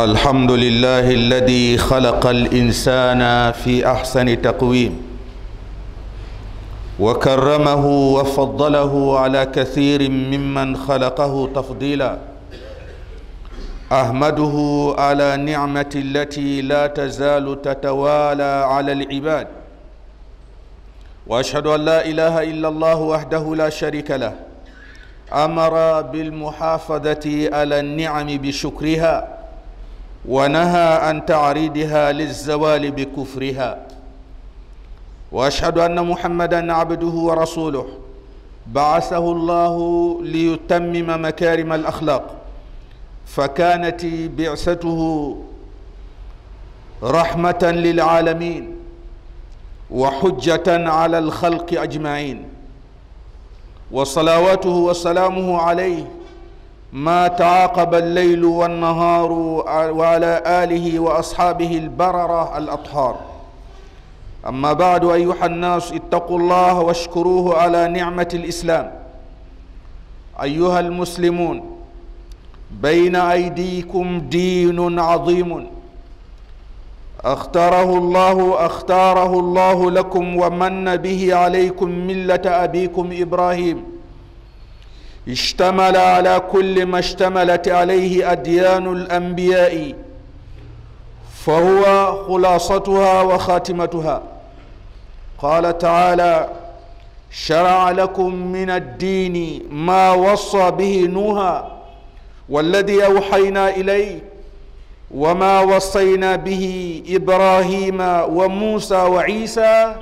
الحمد لله الذي خلق الإنسان في أحسن تقويم وكرمه وفضله على كثير ممن خلقه تفضيلا أحمده على نعمة التي لا تزال تتوالى على العباد وأشهد أن لا إله إلا الله وحده لا شريك له أمر بالمحافظة على النعم بشكرها ونهى عن تعريضها للزوال بكفرها واشهد ان محمدا عبده ورسوله بعثه الله ليتمم مكارم الاخلاق فكانت بعثته رحمه للعالمين وحجه على الخلق اجمعين وصلواته وسلامه عليه ما تعاقب الليل والنهار وعلى آله وأصحابه البررة الأطهار أما بعد أيها الناس اتقوا الله واشكروه على نعمة الإسلام أيها المسلمون بين أيديكم دين عظيم اختاره الله اختاره الله لكم ومن به عليكم ملة أبيكم إبراهيم اشتمل على كل ما اشتملت عليه أديان الأنبياء فهو خلاصتها وخاتمتها قال تعالى شرع لكم من الدين ما وصى به نوحا والذي أوحينا إليه وما وصينا به إبراهيم وموسى وعيسى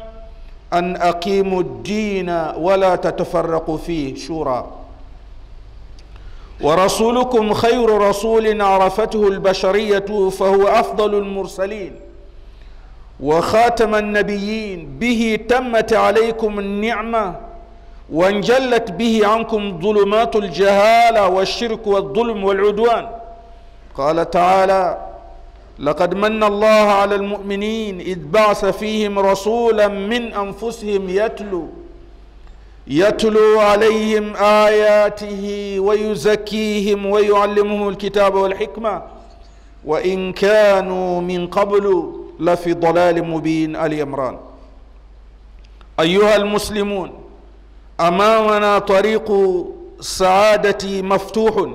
أن أقيموا الدين ولا تتفرقوا فيه شورى ورسولكم خير رسول عرفته البشريه فهو افضل المرسلين وخاتم النبيين به تمت عليكم النعمه وانجلت به عنكم ظلمات الجهاله والشرك والظلم والعدوان قال تعالى لقد من الله على المؤمنين اذ بعث فيهم رسولا من انفسهم يتلو يتلو عليهم اياته ويزكيهم ويعلمهم الكتاب والحكمه وان كانوا من قبل لفي ضلال مبين ال ايها المسلمون امامنا طريق سعادة مفتوح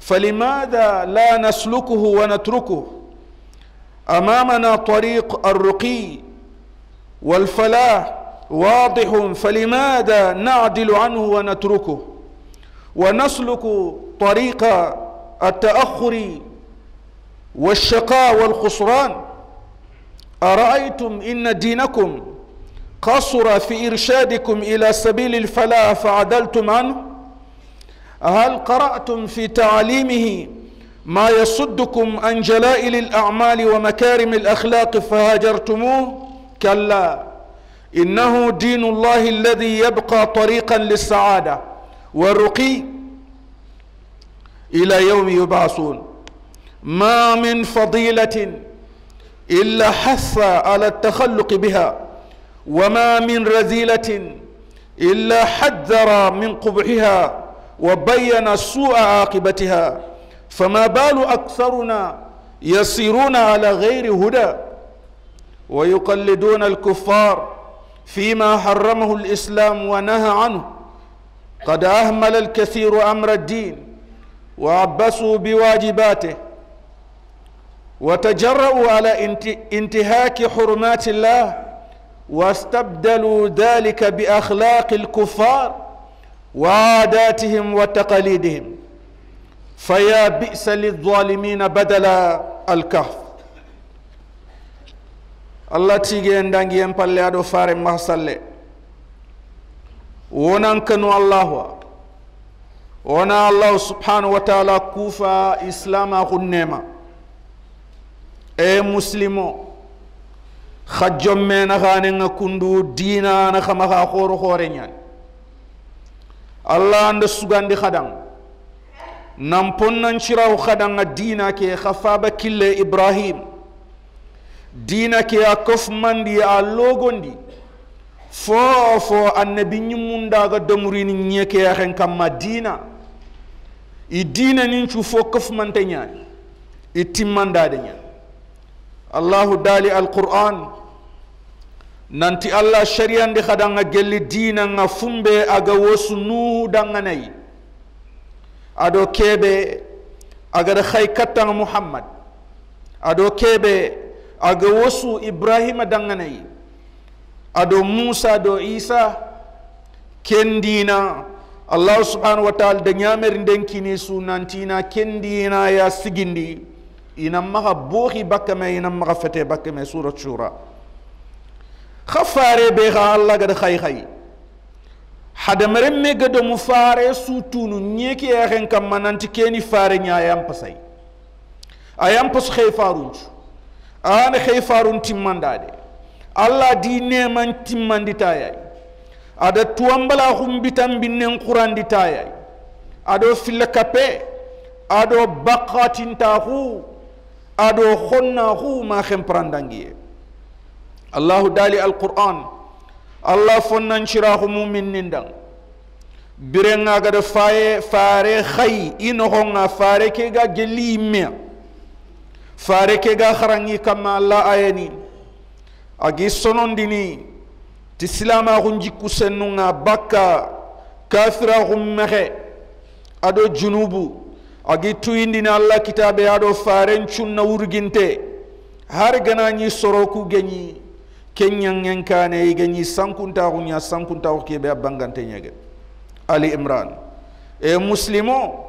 فلماذا لا نسلكه ونتركه امامنا طريق الرقي والفلاح واضح فلماذا نعدل عنه ونتركه ونسلك طريق التأخر والشقاء والخسران أرأيتم إن دينكم قصر في إرشادكم إلى سبيل الفلاح فعدلتم عنه هل قرأتم في تعاليمه ما يصدكم عن جلائل الأعمال ومكارم الأخلاق فهاجرتموه كلا إنه دين الله الذي يبقى طريقا للسعادة والرقي إلى يوم يبعثون ما من فضيلة إلا حث على التخلق بها وما من رذيلة إلا حذر من قبحها وبين سوء عاقبتها فما بال أكثرنا يسيرون على غير هدى ويقلدون الكفار فيما حرمه الاسلام ونهى عنه قد اهمل الكثير امر الدين وعبسوا بواجباته وتجرأوا على انتهاك حرمات الله واستبدلوا ذلك باخلاق الكفار وعاداتهم وتقاليدهم فيا بئس للظالمين بدل الكهف allah tigue en dangi en palle aɗo faare mahsalle wonankanu allahu a wona allahu subhanahu wa taala kuufa islama xunnema e muslim o xa jomme naxanenga kundu dina na xamaxa xooro xoore ñaan allah anda sugandi xadang nan ponnanciraw xadanga dina ke xa faba kille ibrahim dina ke a kofmandi a logondi fo fo annabi ñimmundaga domurini ñekeyahen kamma dina i dina nin cu fo kofmante ñaani i timmandade ñani allahu dali alquran nanti allah shariyandi nga gelli dina nga fumbe aga wosu nuhudanga nayi ado kebe agada hay kattanga muhammad ado kebe a aga wasu ibrahima a ado musa do isa kendina allah subhanahu wa taala da nyamir ndenkini su sunantina kendina ya sigindi ina maha bohi baka me inan maxa fete baka me surat shura khafare be ga allah gada xay hadamaren me gada mu su tunu ñeeke yaxen kamma nanti keni faare ñayan a yan pasu xey faru. ana hayfarun timmandade allah di neman timmanditayay ada tuambala humbitan binnen quranditayay ado filla kape ado baqatintahu ado honnahu ma hemprandangiye allahu dali alquran allah fonnancirahu mumin nindan birengagada faye fare hay inohonga fare kega gelli yimmea fare ke ga kharangi kama la ayani agi sonondini ti silamaxun jikku sennunga bakka kafira mexe ado junubu agi tuyindini allah kitabe ado faren na wurginte har ganañi soroku geñi kenñangen kane i sankunta gunya sankunta kebe a bangante nyege ali imran e muslimo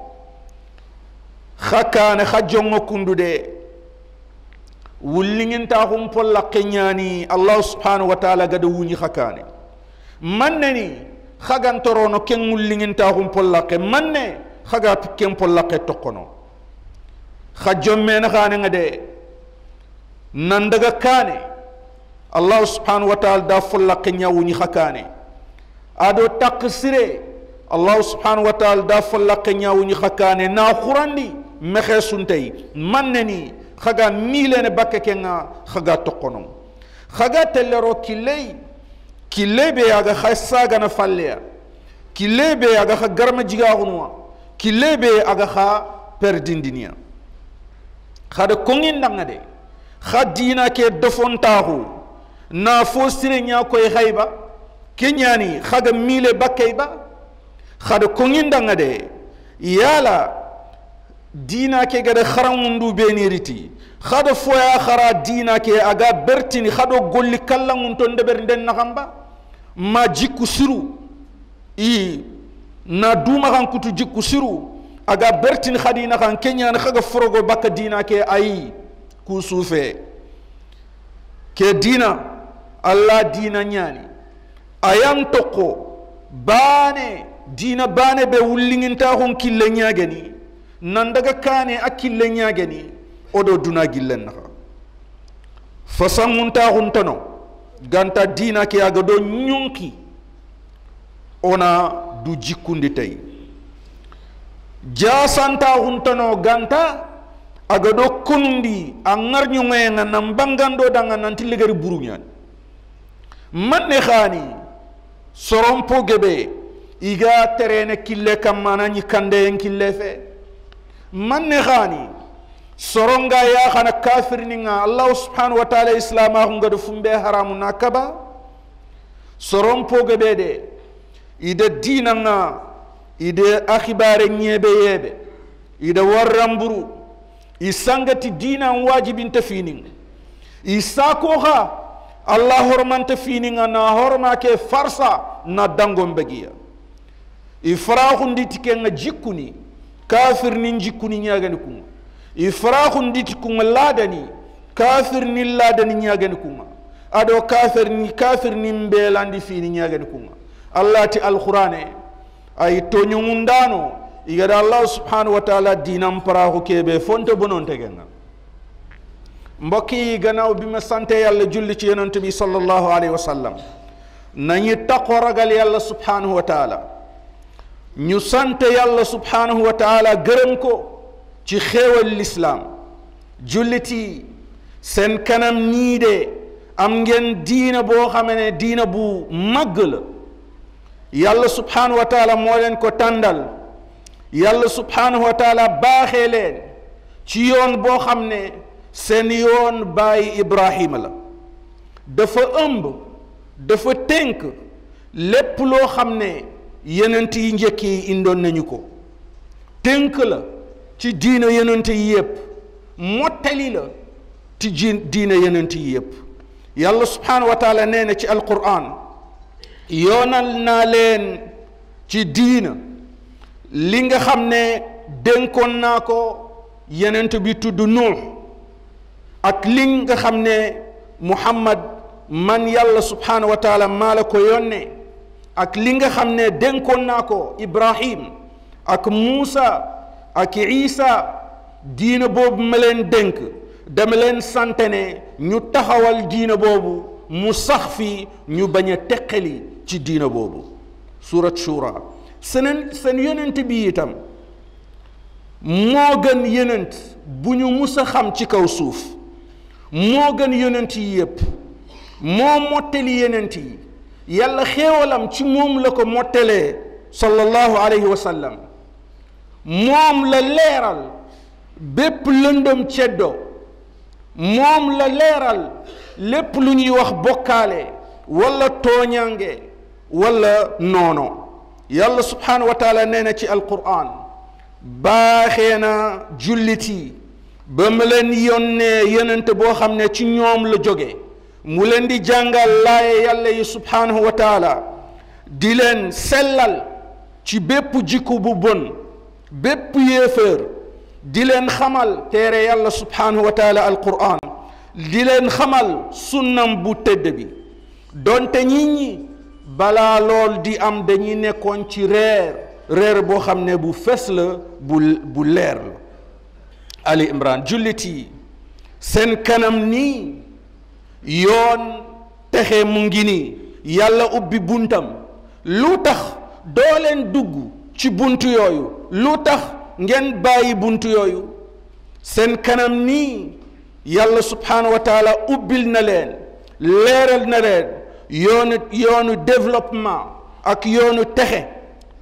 xa khajongo xa jongo kundu de wulliŋintaxum polla keñani allahu subhanahu wa taala gada wuñi xakane manneni xagantorono ken wulliŋintaxum polla ke manne xaga ken polla ke tokkono xa jommena xanenga de nandaga kane allahu subhanahu wa taala da folla keña wuñi xakane ado taksire Allah allahu subhanahu wa taala da folla keña wuñi xakane na xurandi mexe suntey manneni خغا ميلن بكا كينا خغا تقنم خغا تلرو كلي كلي بي اغا خسا غنا فاليا كلي بي اغا خ غرم جيغا غنوا كلي بي اغا خ پردين دنيا خد كونين دنگدي خدينا كي دفونتاهو نا فوسري نيا كوي خيبا كنياني خغا ميلي بكايبا خد كونين دنگدي يالا dina ke gada beni riti khado foya khara dina ke aga bertini hado golli kallangun ton deber nden nahamba ma jikku siru i na kan kutu jikku siru aga bertini hadi kenya na haga forogo bakka dina ke ayi ku sufe ke dina allah dina nyani ayan toko bane dina bane be ta hon kille nyageni nan daga kaane akille ñaage ni oɗo duna gillen naxa fa sanguntaxuntano ganta dina ke yaga do ñunki ona du jikkundi tay jasantaxuntano ganta aga do konundi a ŋarñuŋoyenga nan bangando danga nanti ligari buruñani manne xaani soronpo gebe iga terene kille kam mana ñikandeyen killefe manne khani soronga ya khana kafir ninga allah subhanahu wa ta'ala islama hunga do fumbe haramu nakaba soron poge bede ida dinanga nyebe yebe ida warramburu isangati dinan wajibin tafinin isa ko ha allah hormanta fininga na horma ke farsa na dangon bagiya ifrahu nditike nga jikkuni kafir nin jikkuni ñagani kunga ifrahun diti kunga ladani kafir nin ladani ñagani kunga ado kafir ni kafir nin belandi fini ñagani kunga allah ti alqur'ane ay toñogundano igada allah subhanahu wa taala dinan parahu kebe fonte bonontegenga mbokki ganaw ma sante yalla julli ci yonente bi sallallahu alayhi wa sallam nañi taqo ragal yalla subhanahu wa taala ñu sant yàlla subhaanahu wa taala gërëm ko ci xéewal lislaam jullit seen kanam nii de am ngeen diina boo xamee ne diina bu màgg la yàlla subhaanahu wa moo leen ko tàndal yàlla subhaanahu wa taala ci yoon boo xam ne seen yoon bàyyi Ibrahima la dafa ëmb dafa tënk lépp loo xam ne yenent yi njëkk yi indoon nañu ko tënk la ci diina yenent yi yëpp mottali la ci ji diina yenent yi yëpp yàlla subhaanahu wa nee na ci alquran yoonal naa leen ci diina li nga xam ne dénkoon naa ko yenent bi tudd nuux ak li nga xam ne muhammad man yàlla subhaanahu wa taala maa la ko yónnee ak li nga xam ne dénkoon naa ko Ibrahim ak Muusa ak Isa diina boobu ma leen dénk dama leen sante ñu taxawal diina boobu mu sax fii ñu bañ a teqali ci diina boobu surat shura seneen seen yonent bi itam moo gën yonent bu ñu mus a xam ci kaw suuf moo gën yonent yi yépp moo mottali yenent yi يلا خيولم تي موم لكو موتلي صلى الله عليه وسلم موم لا ليرال بيب لندم تشدو موم لا ليرال لب لوني واخ بوكالي ولا تونيانغي ولا نونو يلا سبحانه وتعالى نينا تي القران باخينا جلتي بملن يوني يننت بو خامني تي نيوم mu leen di jàngal laaye yàlla yi subhanahu wa taala di leen sellal ci bépp jikku bu bon bépp yéeféer di leen xamal téere yàlla subhanahu wa taala alquran di leen xamal sunnam bu tëdd bi donte ñit ñi balaa lool di am dañuy nekkoon ci reer reer boo xam ne bu fes la bu bu leer la ali imran jullit yi seen kanam nii yoon texe mu ngi nii yàlla ubbi buntam lu tax doo leen dugg ci bunt yooyu lu tax ngeen bàyyi bunt yooyu seen kanam nii yàlla subhaanahu wa ubbil na leen leeral na leen yoonu yoonu développement ak yoonu texe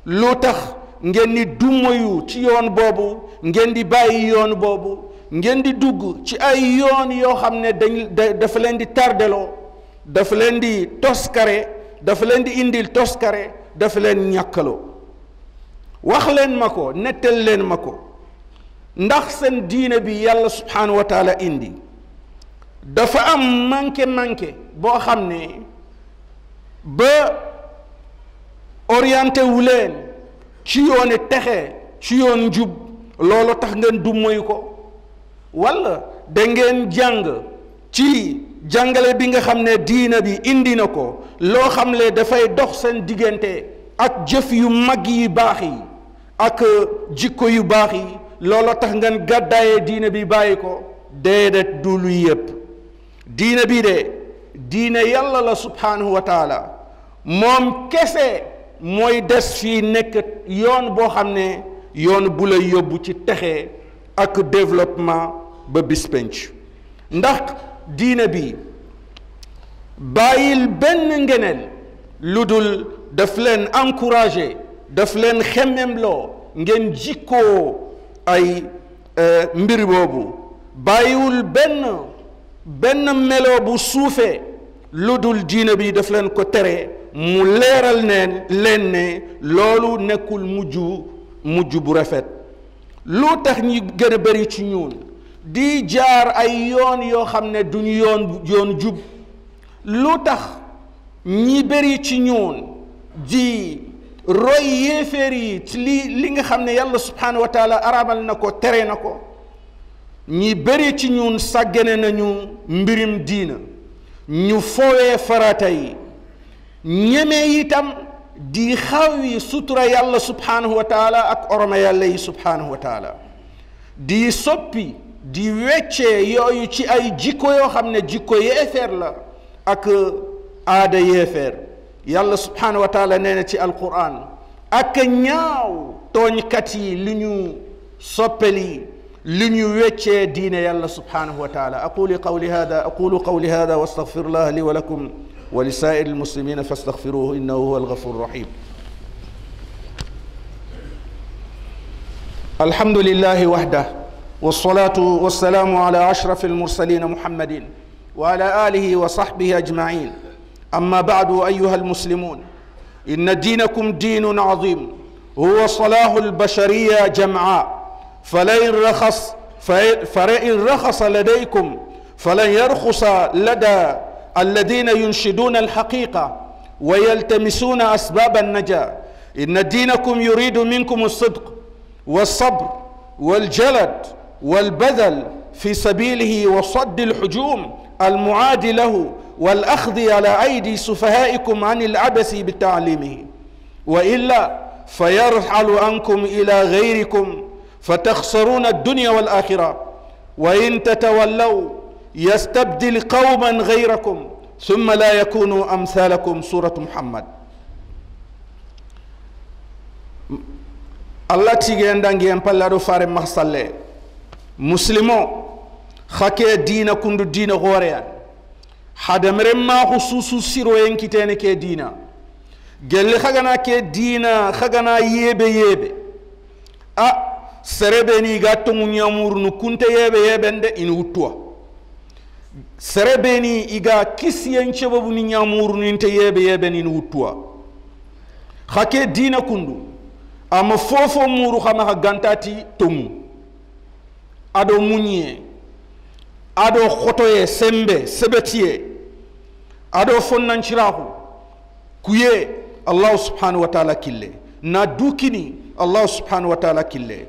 lu tax ngeen di dumayu ci yoon boobu ngeen di bàyyi yoon boobu ngeen di dugg ci ay yoon yoo xam ne dañ dafa leen di tardeloo dafa leen di toskare dafa leen di indil toskare dafa leen ñàkkaloo wax leen ma ko nettal leen ma ko ndax seen diine bi yàlla subhaanahu indi dafa am mànke manqué boo xam ne ba orienté wu leen ci yooni texe ci yoon njub loolu tax ngeen du moyu ko wala da jàng ci jàngale bi nga xam ne diina bi indi na ko loo xam ne dafay dox seen diggante ak jëf yu mag yi baax ak jikko yu baax yi looloo tax ngeen gàddaaye diina bi bàyyi ko déedéet du lu yëpp diina bi de diina yàlla la subhaanahu wa moom kese mooy des fii nekk yoon boo xam ne yoon bu la yóbbu ci texe ak développement ba bis penc ndax diine bi bàyyil benn ngeneen lu daf leen encouragé daf leen xemmemloo ngeen jikkoo ay mbir boobu bàyyiwul benn benn meloo bu suufee lu dul diine bi daf leen ko tere mu leeral ne leen ne loolu nekkul mujj mujj bu rafet lu tax ñi gën a ci ñuul di jaar ay yoon yoo xam ne duñu yoon yoon jub lu tax ñi bari ci ñoon di roy yéeféer yi ci li li nga xam ne yàlla subhaanahu wa taala araamal na ko tere na ko ñi bari ci ñun sàggane nañu mbirim diina ñu fowee farata yi ñeme itam di xaw yi sutura yàlla subhaanahu wa ak orma yàlla yi subhaanahu wa di soppi di wéccé yoyu ci ay jikko yo xamné ne jikko yéfer la ak aada yeefeer yàlla subhanahu wa taala néna ci alquran ak ñaaw kat yi liñu soppeli liñu wéccé diine yàlla subhanahu wa taala aqulu qawli hada aqulu qawli hada واستغفر الله لي ولكم ولسائر المسلمين فاستغفروه انه هو الغفور الرحيم الحمد لله وحده والصلاة والسلام على أشرف المرسلين محمد وعلى آله وصحبه أجمعين أما بعد أيها المسلمون إن دينكم دين عظيم هو صلاح البشرية جمعاء فلئن رخص فلئن رخص لديكم فلن يرخص لدى الذين ينشدون الحقيقة ويلتمسون أسباب النجاة إن دينكم يريد منكم الصدق والصبر والجلد والبذل في سبيله وصد الحجوم المعاد له والأخذ على أيدي سفهائكم عن العبث بتعليمه وإلا فيرحل عنكم إلى غيركم فتخسرون الدنيا والآخرة وإن تتولوا يستبدل قوما غيركم ثم لا يكونوا أمثالكم سورة محمد الله تيجي عندنا جنب الله رفارم مخصلي muslimo hake dina kundu dina hadamire hadamaren maxu susu siroyen kitene ke dina gelle xagana ke dina xagana yebe yebe a serebeni ga tongu ñamurunu kunte yebe yeben de in wuttuwa serebeni iga ni cebabunu ñamurunu inte yebe yeben in wuttuwa hake dina kundu ama fofo muru hama xa gantati tongu ado munye ado khotoye sembe sebetiye fonnan chirahu kuye allah subhanahu wa taala kille na dukini allah subhanahu wa taala kille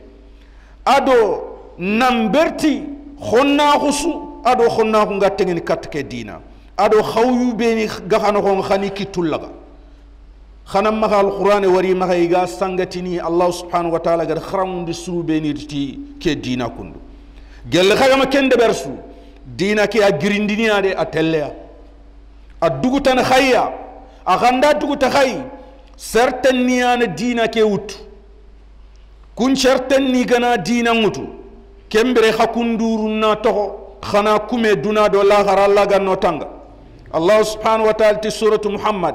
ado namberti honnaku ado aɗo honnaku katke tegeni katta ke dina aɗo hawyubeni gahanohon hani kittullaga hanan maga alqur'ane wari maga iga sangatini allahu subhanahu wa taala gada haramudi surubeniti ke dina kundu gelle xagama ken deɓersu dina ke a girindinina de a telleya a dugutan xayya a xanda duguta xay serten niyana dina ke wut kun serten ni gana dina ŋutu kembire xa na toxo xana kume duna do laxara laganno tanga allah subhanahu wa taala ti suratu muhammad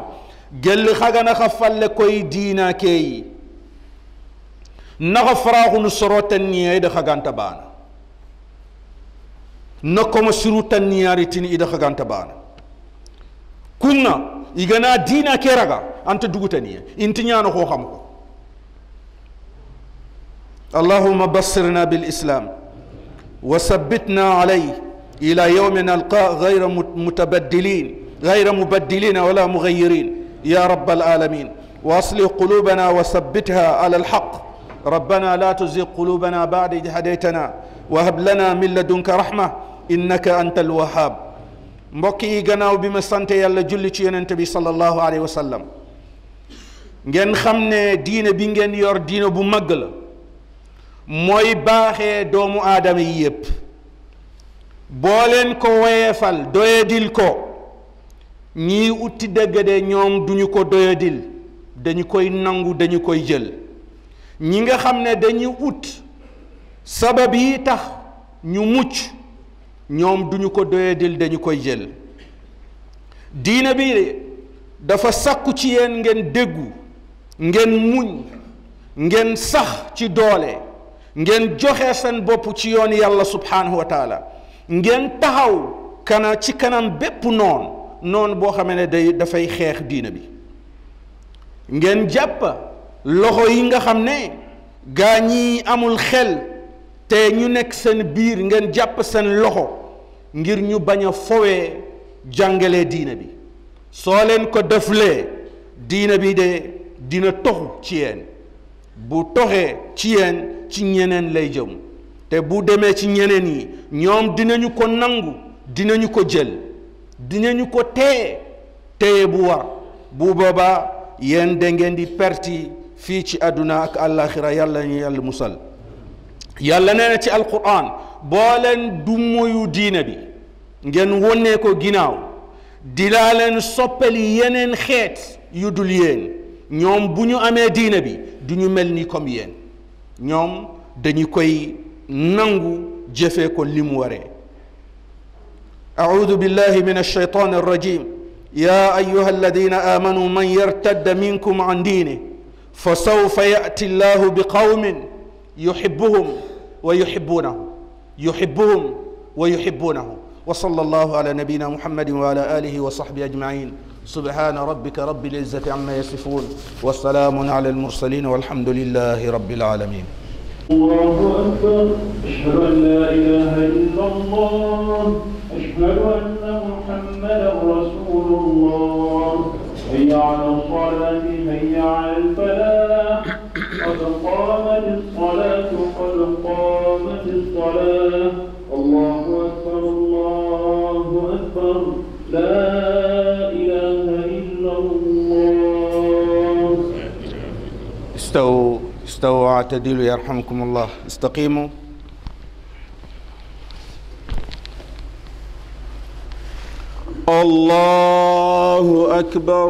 gelli xagana xa falle koy dina keyi naxa faraxunu soroten niya i de xaganta bana nokoma surutan niyaritini ida haganta bana kunga igana dina keraga أنت دوغو تنيا ñano ho xam ko اللهم بصرنا بالإسلام وثبتنا عليه إلى يوم نلقى غير متبدلين غير مبدلين ولا مغيرين يا رب العالمين وأصلح قلوبنا وثبتها على الحق ربنا لا تزغ قلوبنا بعد إذ هديتنا وهب لنا من لدنك رحمه innaka anta alwahab mbokk yi gannaaw bi ma sante yàlla julli ci yonente bi sallallahu alayhi wa sallam ngeen xam ne diine bi ngeen yor diine bu màgg la mooy baaxee doomu aadama yi yépp boo leen ko woyefal doyadil ko ñii utti dëgg de ñoom duñu ko doyadil dañu koy nangu dañu koy jël ñi nga xam ne dañu ut sabab yi tax ñu mucc ñoom duñu ko doyadil dañu koy jël diine bi dafa sàkku ci yéen ngeen déggu ngeen muñ ngeen sax ci doole ngeen joxe seen bopp ci yoon yàlla subhaanahu wa taala ngeen taxaw ci kanam bépp noon noon boo xamee ne day dafay xeex diina bi ngeen jàpp loxo yi nga xam ne gaa ñi amul xel te ñu nekk seen biir ngeen jàpp seen loxo ngir ñu bañ a fowee jàngale diina bi soo leen ko deflee diina bi de dina toxu ci yéen bu toxee ci yéen ci ñeneen lay jëm te bu demee ci ñeneen yi ñoom dinañu ko nangu dinañu ko jël dinañu ko téye téye bu war bu boobaa yéen da ngeen di perti fii ci àdduna ak àllaaxira yàlla ñu yàlla musal yàlla nee na ci alquran boo leen dummuyu diina bi ngeen wonee ko ginnaaw dilaa leen soppali yeneen xeet yu dul yéen ñoom bu ñu amee diina bi du ñu mel ni comme yéen ñoom dañu koy nangu jëfee ko li mu waree أعوذ بالله من الشيطان الرجيم يا أيها الذين آمنوا من يرتد منكم عن دينه فسوف يأتي الله بقوم يحبهم ويحبونه يحبهم ويحبونه وصلى الله على نبينا محمد وعلى آله وصحبه أجمعين سبحان ربك رب العزة عما يصفون والسلام على المرسلين والحمد لله رب العالمين الله أكبر أشهد أن لا إله إلا الله أشهد أن محمدا رسول الله هيا على الصلاة هيا على الفلاح قد قامت الصلاة وإقامة الصلاة الله أكبر الله أكبر لا إله إلا الله استووا استووا واعتدلوا يرحمكم الله استقيموا الله أكبر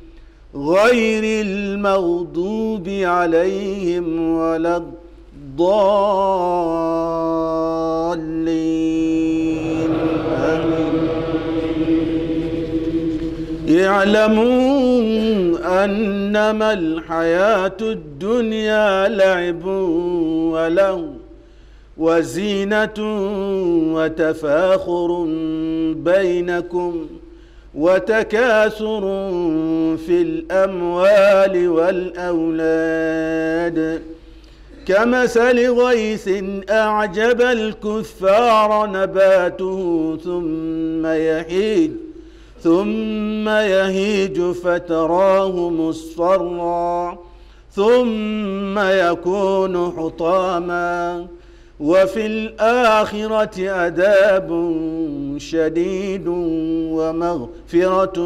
غير المغضوب عليهم ولا الضالين آمين اعلموا أنما الحياة الدنيا لعب ولو وزينة وتفاخر بينكم ۖ وتكاثر في الأموال والأولاد كمثل غيث أعجب الكفار نباته ثم يهيج ثم يهيج فتراه مصفرا ثم يكون حطاما وفي الآخرة عذاب شديد ومغفرة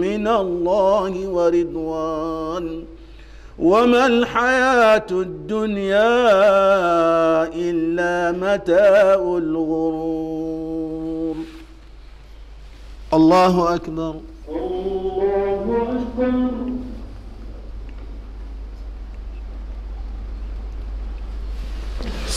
من الله ورضوان وما الحياة الدنيا إلا متاع الغرور الله أكبر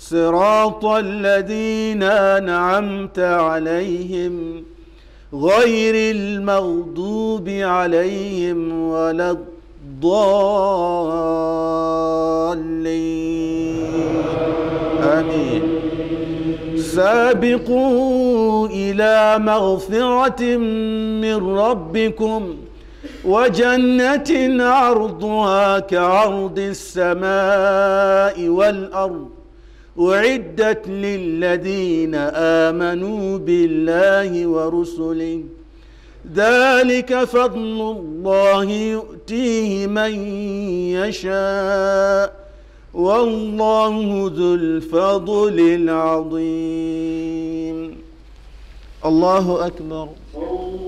صراط الذين انعمت عليهم غير المغضوب عليهم ولا الضالين امين سابقوا الى مغفره من ربكم وجنه عرضها كعرض السماء والارض أعدت للذين آمنوا بالله ورسله ذلك فضل الله يؤتيه من يشاء والله ذو الفضل العظيم الله أكبر الله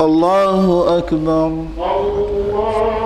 الله أكبر الله